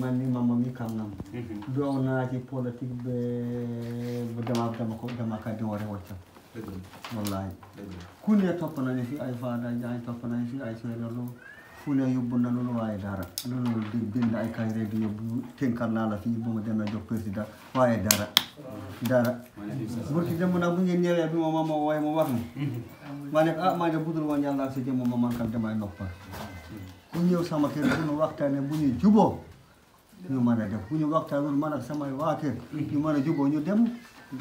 mani mama mi kam nam do naaji politique be dama dama ko dama ka de wore wacca wallahi kune topp nañu fi ay faada jaay topp nañu fi ay seena lu fune yóbbu na loolu waaye dara loolu di bind ay kay rek di yóbbu tënkal naa la fii bu ma demee jox président waaye dara dara burki dem nag bu ngeen ñëwee bi ma mama waaye ma wax ni ma ne ah maa ne budul woon yàlla si jëm ma man kam damay noppal ku ñëw sama kër bu ñu waxtaanee bu ñu juboo ñu man a def bu ñu waxtaanul man ak samay waa kër ñu mën a juboo ñu dem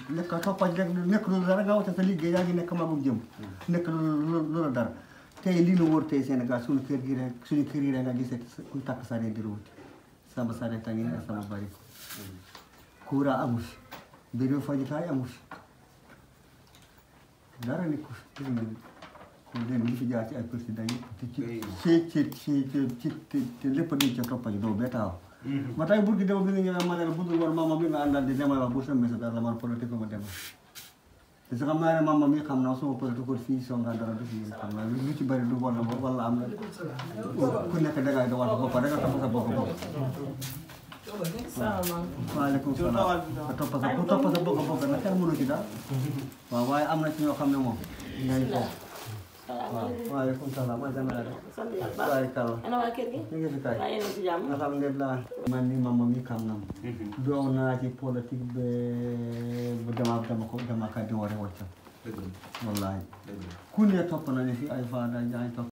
nekk toppaj rek nekk lu dara nga waxta sa liggéey yaa nekk maamum jëm nekk lu la dara tey li nu wóor tey Sénégal suñu kër gi rek suñu kër yi rek nga gisee kuy takk sare di sama sare tangi ak sama bari kuura amu fi mbiru fajukaay amu fi dara nekkul léegi ñu fi jaar ci ay président yi te ci ci ci ci ci lépp dañ ca toppal doo ba taxaw ma tey bur gi dem bi nga ñëwee ma ne la budul woon maama mi nga àndal di demal wax bu seen message la man politique ma demal parce que xam naa ne maama mi xam naa suma politique fii songa dara du fi xam naa lu ci bëri du wala wala am na ku nekk dangay dawal sa bopp danga topp sa bopp bopp waaleykum salaam a toppa sa ku toppa sa bokk bokk nag kenn mënu ci daal mhm. waaw waaye am na ci ñoo xam ne moom ngay foofu waaw waaleykum salaam mooy Jalle Adama. sant yàlla baax waaye Kalla. ana waa kër gi. ñu ngi fi kay. waaye yéen a ngi si jàmm. alhamdulilah. man ni maam mi kam nam. Mhm. doon naa ci politique be bu dama dama ko dama ka di war a wàcc. dëgg la wallaahi. dëgg la ku ne topp nañu fi ay Fada Ndiaye topp.